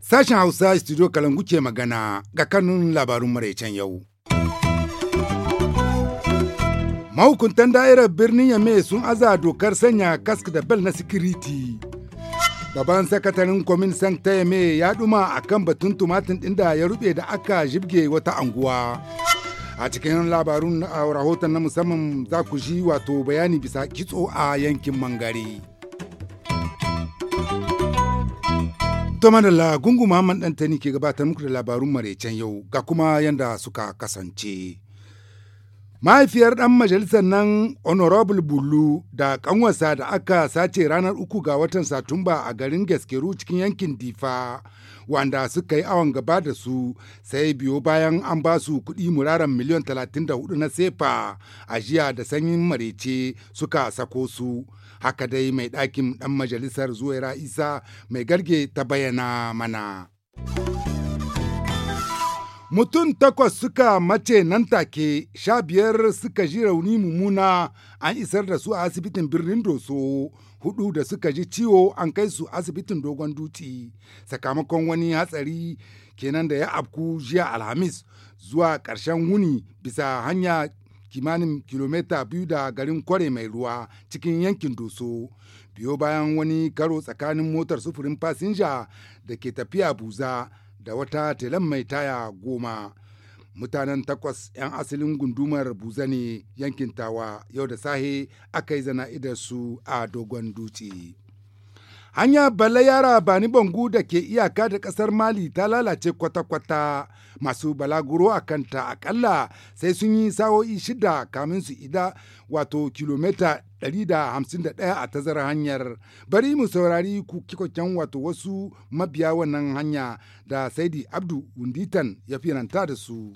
sashen hausa studio kalangu ke magana ga kanun labarun maraicen yau mahukuntan da'irar birnin yame sun aza dokar sanya kask da bel na sikiriti Gaban sakataren kwamin san yame ya ɗuma a kan batun tumatin ɗin da ya rube da aka jibge wata anguwa. A cikin labarun rahoton na musamman za ku ji wato bayani bisa kitso a yankin mangare. da madalla gungu Muhammad Dantani ke gabatar muku da labarun maraicen yau ga kuma yadda suka kasance. mahaifiyar ɗan majalisar nan honorable bulu da ƙanwarsa da aka sace ranar uku ga watan satumba a garin gaskeru cikin yankin difa wanda suka yi awon gaba da su sai biyo bayan an ba su kuɗi muraran miliyan 34 na sefa a jiya da sanyin marece suka sako su haka dai mai ɗakin ɗan majalisar zuwaira isa mai garge ta bayyana mana. Mutum takwas suka mace nan take, sha biyar suka ji rauni mummuna an isar da su a asibitin birnin Doso, hudu da suka ji ciwo an kai su asibitin Dogon Duti, sakamakon wani hatsari kenan da ya afku jiya Alhamis zuwa ƙarshen wuni bisa hanya kimanin kilomita biyu da garin kware mai ruwa cikin yankin doso biyo bayan wani karo tsakanin motar sufurin fasinja da ke tafiya buza da wata telan mai taya goma. Mutanen takwas 'yan asalin gundumar buzani yankin tawa yau da sahe aka yi zana'idar su a dogon dutse. Hanya bala yara bani bangu da ke iyaka da kasar Mali ta lalace kwata-kwata masu balaguro a kanta akalla sai sun yi sa'o'i shida kamin su ida wato kilomita 151 a tazarar hanyar. Bari mu saurari kikokken wato wasu mabiya wannan hanya da Saidi Abdu Wunditan ya firanta da su.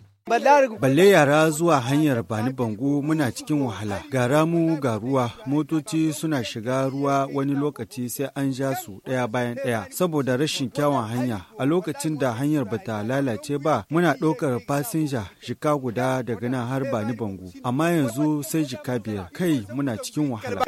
Balle yara zuwa hanyar Bani Bango muna cikin wahala. Ga ramu ga ruwa, motoci suna shiga ruwa wani lokaci sai an ja su ɗaya bayan ɗaya saboda rashin kyawun hanya. A lokacin da hanyar bata lalace ba, muna ɗaukar fasinja jika guda daga nan har Bani Bango. Amma yanzu sai jika biyar. Kai muna cikin wahala.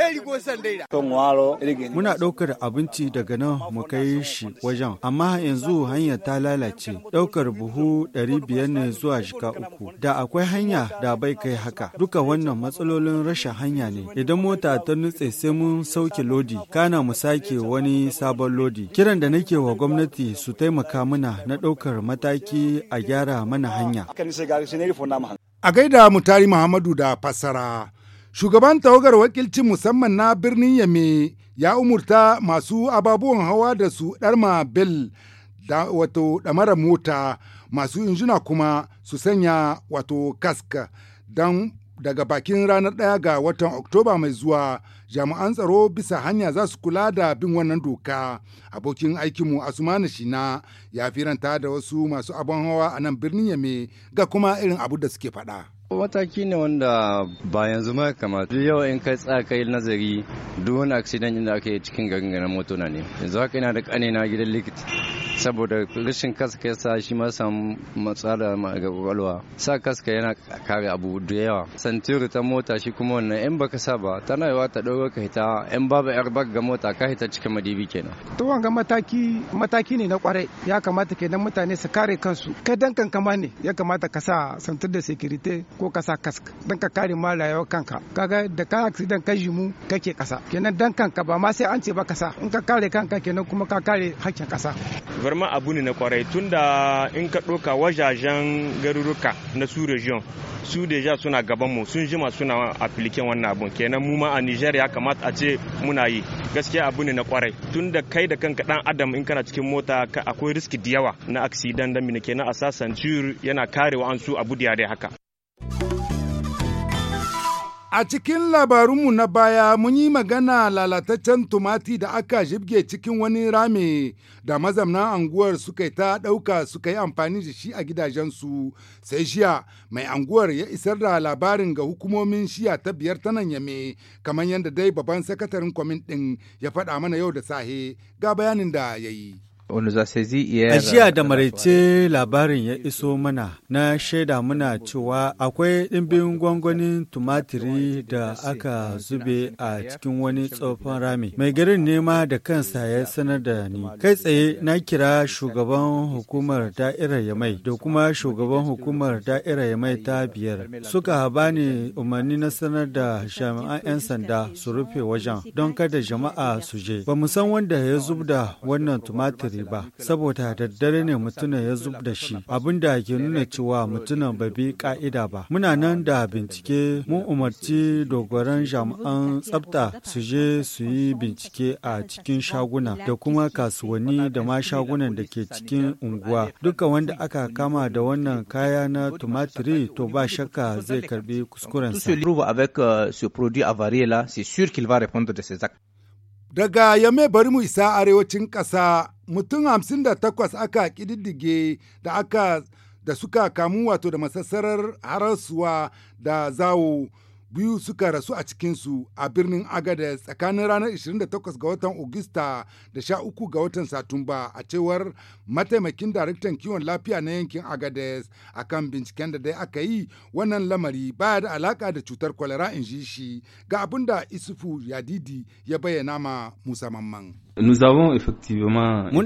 Muna ɗaukar abinci daga nan mu kai shi wajen. Amma yanzu hanyar ta lalace. Ɗaukar buhu ɗari biyar ne zuwa jika uku. Da akwai hanya da bai kai haka. Duka wannan matsalolin rashin hanya ne. Idan mota ta nutse sai mun sauke lodi, kana mu sake wani sabon lodi. Kiran da nake wa gwamnati su taimaka mana na ɗaukar mataki a gyara mana hanya. A gaida mutari Muhammadu da fassara. Shugaban tawagar wakilcin musamman na birnin Yame ya umurta masu ababuwan hawa da su ɗarma bel da wato ɗamara mota masu injina kuma su sanya wato kask don daga bakin ranar ɗaya ga watan oktoba mai zuwa jami'an tsaro bisa hanya za su kula da bin wannan doka abokin aikinmu asumani shina ya firanta da wasu masu abon hawa a nan birnin yame ga kuma irin abu da suke faɗa. mataki ne wanda ba yanzu ma kamata yau in kai tsaya kai nazari duk wani accident inda aka yi cikin garin garin na ne yanzu haka ina da na gidan likita saboda rashin kaska ya sa shi ma matsala ga kwakwalwa sa kaska yana kare abu da yawa santiri ta mota shi kuma wannan in baka sa ba tana yawa ta ɗauro ka hita in babu yar ga mota ka hita cikin madibi kenan to wanga mataki mataki ne na kwarai ya kamata kenan mutane su kare kansu kai dan kankama ne ya kamata ka sa santir da security ko ka sa kask dan ka kare ma rayuwar kanka kaga da ka accident ka jimu kake kasa kenan dan kanka ba ma sai an ce ba kasa in ka kare kanka kenan kuma ka kare hakkin kasa verma abu ne na kwarai tunda in ka ɗauka wajajen garuruka na su region su deja suna gaban mu sun jima suna afilikin wannan abun kenan mu ma a Nigeria ya kamata a ce muna yi gaskiya abu ne na kwarai tunda kai da kanka dan adam in kana cikin mota akwai riski da yawa na aksidan da kenan a sasan yana karewa an su abu da haka A cikin labarunmu na baya mun yi magana lalataccen tumati da aka jibge cikin wani rame da mazamnan anguwar suka yi ta ɗauka suka yi amfani da shi a gidajensu sai shiya mai anguwar ya isar da labarin ga hukumomin shiya ta biyar ta nan yame kamar yadda dai babban sakataren kwamin ɗin ya faɗa mana yau da sahe ga bayanin da ya yi. A da maraice labarin ya iso mana na shaida muna cewa akwai ɗimbin gwangwanin tumatiri da aka zube a cikin wani tsofan rami. Mai garin nema da kansa ya sanar da ni. Kai tsaye na kira shugaban hukumar da'irar Yamai da kuma shugaban hukumar da'irar Yamai ta biyar. Suka bani umarni na sanar da jami'an 'yan sanda su rufe wajen don kada jama'a su je. Ba mu san wanda ya zub da wannan tumatiri hankali ba saboda daddare ne mutuna ya zub da shi abin da ke nuna cewa mutuna ba bi ka'ida ba muna nan da bincike mun umarci dogaran jami'an tsabta su je su yi bincike a cikin shaguna da kuma kasuwanni da ma shagunan da ke cikin unguwa duka wanda aka kama da wannan kaya na tumatiri to ba shakka zai karbi kuskurensa euh, daga yame bari mu isa arewacin ƙasa mutum hamsin da takwas aka ƙididdige da aka da suka kamu wato da masassarar harasuwa da zawo biyu suka rasu a cikinsu a birnin agada tsakanin ranar 28 ga watan Ogista da 13 ga watan Satumba a cewar mataimakin daraktan kiwon lafiya na yankin Agades a kan binciken da dai aka yi wannan lamari baya da alaka da cutar kwalara in shi ga abin da Isufu Yadidi ya bayyana ma Musa Mun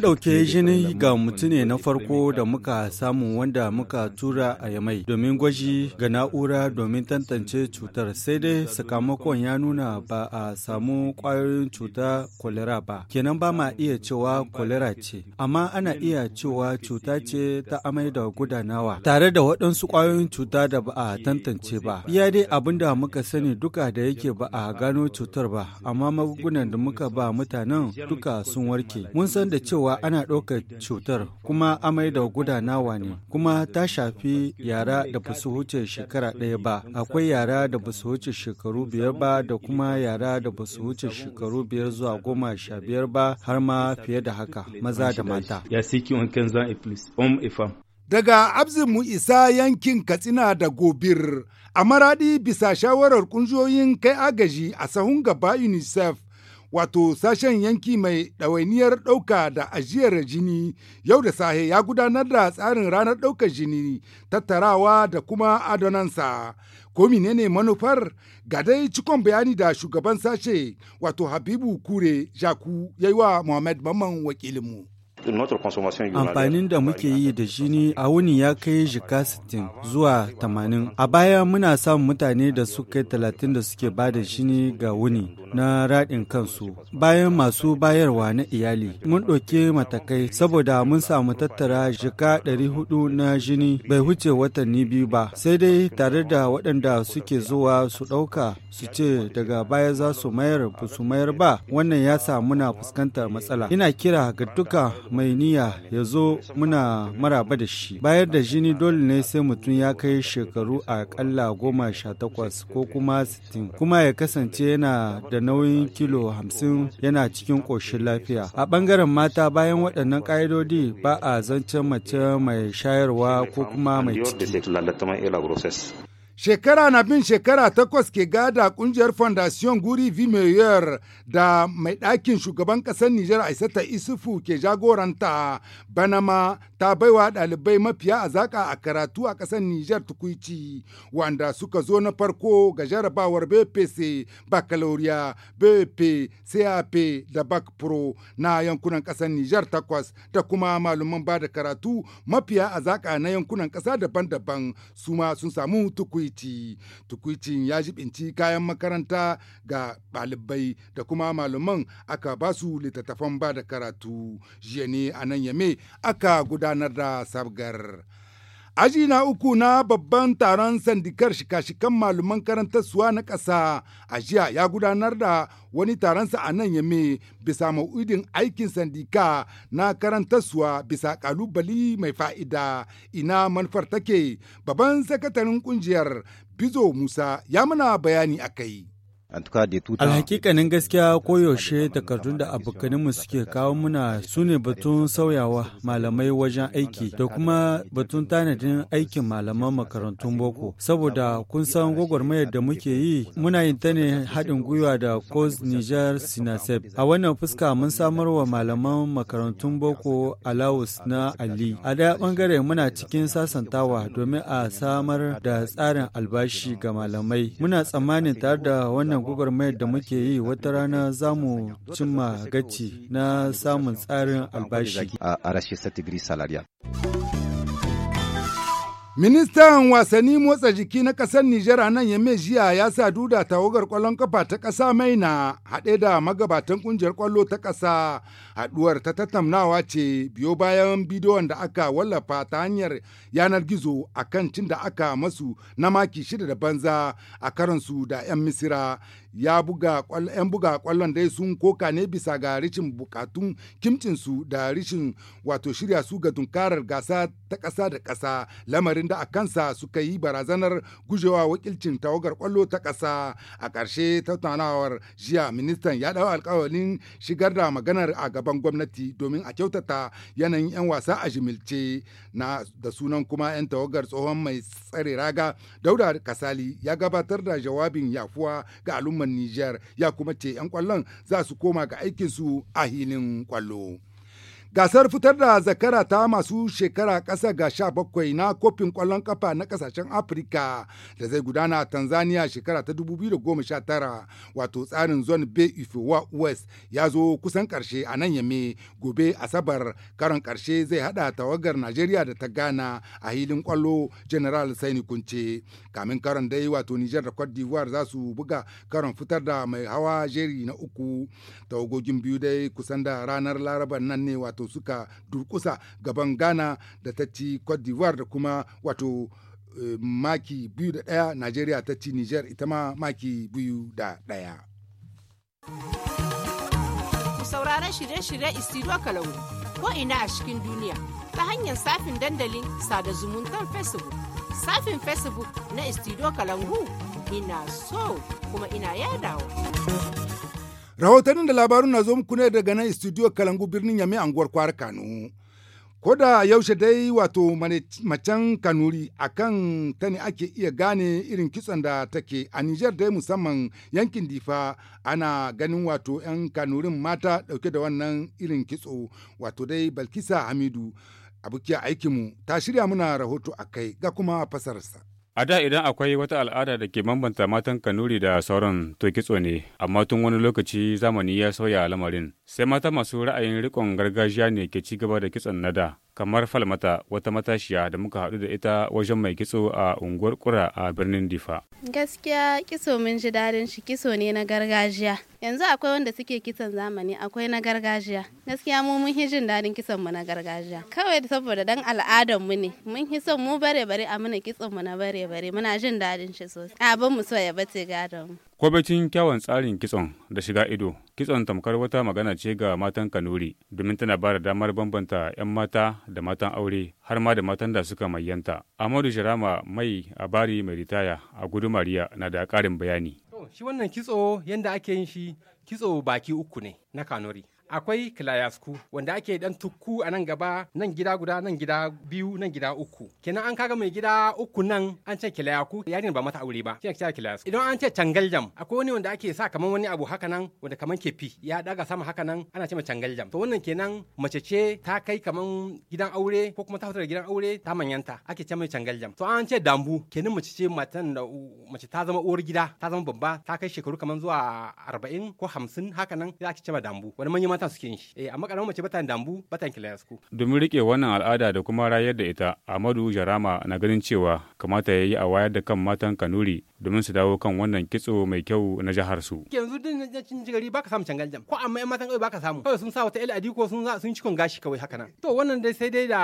ɗauke jini ga mutum ne na farko da muka samu wanda muka tura a yamai domin gwaji ga na'ura domin tantance cutar sai dai sakamakon ya nuna ba a samu kwayoyin cuta kolera ba. Kenan ba ma iya cewa kolera ce, amma ana iya cewa cuta ce ta amai da gudanawa tare da waɗansu kwayoyin cuta da ba a tantance ba. Iya dai abin da muka sani duka da yake ba a gano cutar ba, amma magungunan da muka ba mutanen duka duka sun warke mun san da cewa ana ɗaukar cutar kuma amai da gudanawa ne kuma ta shafi yara da ba su wuce shekara ɗaya ba akwai yara da ba su wuce shekaru biyar ba da kuma yara da ba su wuce shekaru biyar zuwa goma sha biyar ba har ma fiye da haka maza da mata daga abzin mu isa yankin katsina da gobir a maradi bisa shawarar kungiyoyin kai agaji a sahun gaba unicef wato sashen yanki mai ɗawainiyar ɗauka da ajiyar jini yau da sahe ya gudanar da tsarin ranar ɗaukar jini tattarawa da kuma adonansa. Ko menene manufar ga dai cikon bayani da shugaban sashe wato Habibu Kure Jaku yayi wa Muhammad Mamman wakilinmu. Amfanin da muke yi da jini a wuni ya kai jika 60 zuwa 80. A baya muna samun mutane da suka talatin da suke ba da jini ga wuni na raɗin kansu. Bayan masu bayarwa na iyali, mun ɗauki matakai saboda mun samu tattara ɗari 400 na jini bai huce watanni biyu ba, sai dai tare da waɗanda suke zuwa su ɗauka su ce daga baya za su mayar ba su mayar ba wannan ya sa muna fuskantar matsala. Ina kira ga duka mai niyya ya zo muna maraba da shi bayar da jini dole ne sai mutum ya kai shekaru a aƙalla goma sha takwas ko kuma sittin kuma ya kasance yana da nauyin kilo hamsin yana cikin ƙoshin lafiya a ɓangaren mata bayan waɗannan ƙa'idodi ba a zancen mace mai shayarwa ko kuma mai ciki Shekara na bin shekara takwas ke gada kungiyar Fondation Guri Vimeyer da mai ɗakin shugaban ƙasar Nijar Aisata Isufu ke jagoranta banama ta baiwa ɗalibai mafiya azaka a karatu a ƙasar Nijar tukuici wanda suka zo na farko ga jarabawar BPC baccalaureate BP, CAP da Bac Pro na yankunan ƙasar Nijar takwas da kuma malaman ba da karatu mafiya zaƙa na yankunan ƙasa daban-daban su ma sun samu tukuici. tukuici tukwicin ya jibinci kayan makaranta ga ɗalibai da kuma malaman aka ba su littattafan ba da karatu jiya ne a nan yame aka gudanar da sabgar Aji na uku na babban taron sandikar shika-shikan malaman karantarsuwa na ƙasa a jiya ya gudanar da wani taronsa a nan yame bisa ma'udin aikin sandika na suwa bisa ƙalubali mai fa'ida ina manufar take babban sakataren ƙungiyar Bizo Musa ya mana bayani a kai. Alhakikanin gaskiya koyaushe takardun da abokaninmu suke kawo muna su ne batun sauyawa malamai wajen aiki da kuma batun tanadin aikin malaman makarantun boko. Saboda kun san gwagwarmayar da muke yi muna yin ta ne haɗin gwiwa da Coast Niger Sinasep. A wannan fuska mun samar wa malaman makarantun boko alawus na Ali. A da bangare muna cikin sasantawa domin a samar da tsarin albashi ga malamai. Muna tsammanin tare da wannan mayar da muke yi wata rana za mu cimma gaci na samun tsarin albashi. A rashin 60 degrees salarial. Ministan wasanni motsa jiki na ƙasar Nijar a nan Yame jiya ya sa duda tawagar ƙwallon kafa ta ƙasa na haɗe da magabatan ƙungiyar kwallo ta ƙasa haɗuwar ta tattaunawa ce biyo bayan bidiyon da aka wallafa ta hanyar yanar gizo a kan cin da aka masu na maki shida da banza a karansu da 'yan misira ya buga 'yan buga kwallon dai sun koka ne bisa ga rishin bukatun kimcin su da rishin wato shirya su ga tunkarar gasa ta ƙasa da kasa lamarin da a kansa suka yi barazanar gujewa wakilcin tawagar kwallo ta kasa a ƙarshe tattaunawar jiya ministan ya dawo alƙawalin shigar da maganar a gaban gwamnati domin a kyautata yanayin 'yan wasa a jimilce na da sunan kuma 'yan tawagar tsohon mai tsare raga dauda kasali ya gabatar da jawabin yafuwa ga al'umma Nijar ya kuma ce 'yan kwallon za su koma ga aikinsu a hilin kwallo. Gasar fitar da zakara ta masu shekara ƙasa ga sha bakwai na kofin kwallon kafa na kasashen Afirka da zai gudana a Tanzania shekara ta 2019 wato tsarin zone Bay Ifewa West ya zo kusan ƙarshe a nan yame gobe Asabar karon karshe zai hada tawagar nigeria da ta Ghana a hilin kwallo General Saini Kunce. Kamin karon dai wato Nijar da Cote d'Ivoire za su buga karon fitar da mai hawa jeri na uku tawagogin biyu dai kusan da ranar Laraba nan ne wato wato suka durkusa gaban ghana da ta ci cote d'ivoire da kuma wato eh, maki biyu da daya nigeria ta ci niger ita ma maki biyu da daya. sauraron shirye-shirye istiro kalau ko ina a cikin duniya ta hanyar safin dandalin sada zumuntar facebook safin facebook na istiro kalangu ina so kuma ina yadawa. Rahotannin da labarun na zo muku ne daga nan studio Kalangu birnin yami anguwar kwara Kano. Ko da yaushe dai wato macen kanuri a kan ta ne ake iya gane irin kitson da take a niger dai musamman yankin difa ana ganin wato 'yan kanurin mata dauke da wannan irin kitso wato dai Balkisa Hamidu abokiyar aikinmu ta shirya muna rahoto a kai ga kuma fasararsa. A da idan akwai wata al'ada da ke bambanta matan kanuri da sauran to kitso ne, amma tun wani lokaci zamani ya sauya lamarin. Sai mata masu ra'ayin riƙon gargajiya ne ke ci gaba da kitson na da. kamar falmata wata matashiya da muka haɗu da ita wajen mai kitso a unguwar kura a birnin difa gaskiya kitso mun ji dadin shi kitso ne na gargajiya yanzu akwai wanda suke kitson zamani akwai na gargajiya gaskiya mu mun hi jin dadin kitson mu na gargajiya kawai saboda dan al'adar mu ne mun hi son mu bare bare a muna kitson mu na bare bare muna jin dadin shi sosai abin mu so ya bace gadon mu kwabacin kyawun tsarin kitson da shiga ido, kitson tamkar wata magana ce ga matan Kanuri domin tana ba da damar bambanta 'yan mata da matan aure har ma da matan da suka mayyanta. Amadu Sharama mai a bari mai ritaya a gudu Mariya na da karin bayani. Shi wannan kitso yadda ake yin shi kitso baki uku ne na Kanuri. akwai kilayasku wanda ake dan tukku a nan gaba nan gida guda nan gida biyu nan gida uku kenan an kaga mai gida uku nan an ce kilayaku yarin ba mata aure ba kilayasku idan an ce cangaljam akwai wani wanda ake sa kaman wani abu haka nan wanda kaman kefi ya daga sama haka nan ana ce cangaljam to wannan kenan mace ce ta kai kaman gidan aure ko kuma ta fita gidan aure ta manyanta ake ce mai cangaljam to an ce dambu kenan mace ce matan da mace ta zama uwar gida ta zama babba ta kai shekaru kaman zuwa arba'in ko hamsin haka nan za ake ce dambu wani manyan mata mata suke yin shi eh, amma karamar mace batan dambu batan kilayasku domin rike wannan al'ada da kuma rayar da ita ahmadu Jarama na ganin cewa kamata ya yi a wayar da kan matan Kanuri domin su dawo kan wannan kitso mai kyau na jihar su. Yanzu din cin jigari baka samu cangal jam ko amma yan matan kawai baka samu kawai sun sa wata ila ko sun sun ci kun gashi kawai haka nan. To wannan dai sai dai da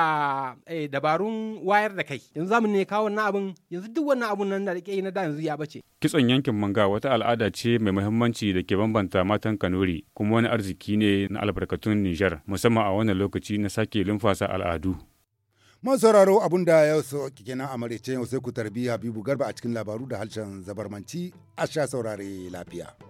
eh, dabarun wayar da kai. Yanzu zamu ne kawo wannan abun yanzu duk wannan abun nan da ke na da yanzu ya bace. Kitson yankin manga wata al'ada ce mai muhimmanci da ke bambanta matan Kanuri kuma wani arziki ne na albarkatun Nijar musamman a wannan lokaci na sake lumfasa al'adu. Man sauraro abun da ya so kenan a maraice yau sai ku tarbi Habibu Garba a cikin labaru da harshen zabarmanci a sha saurare lafiya.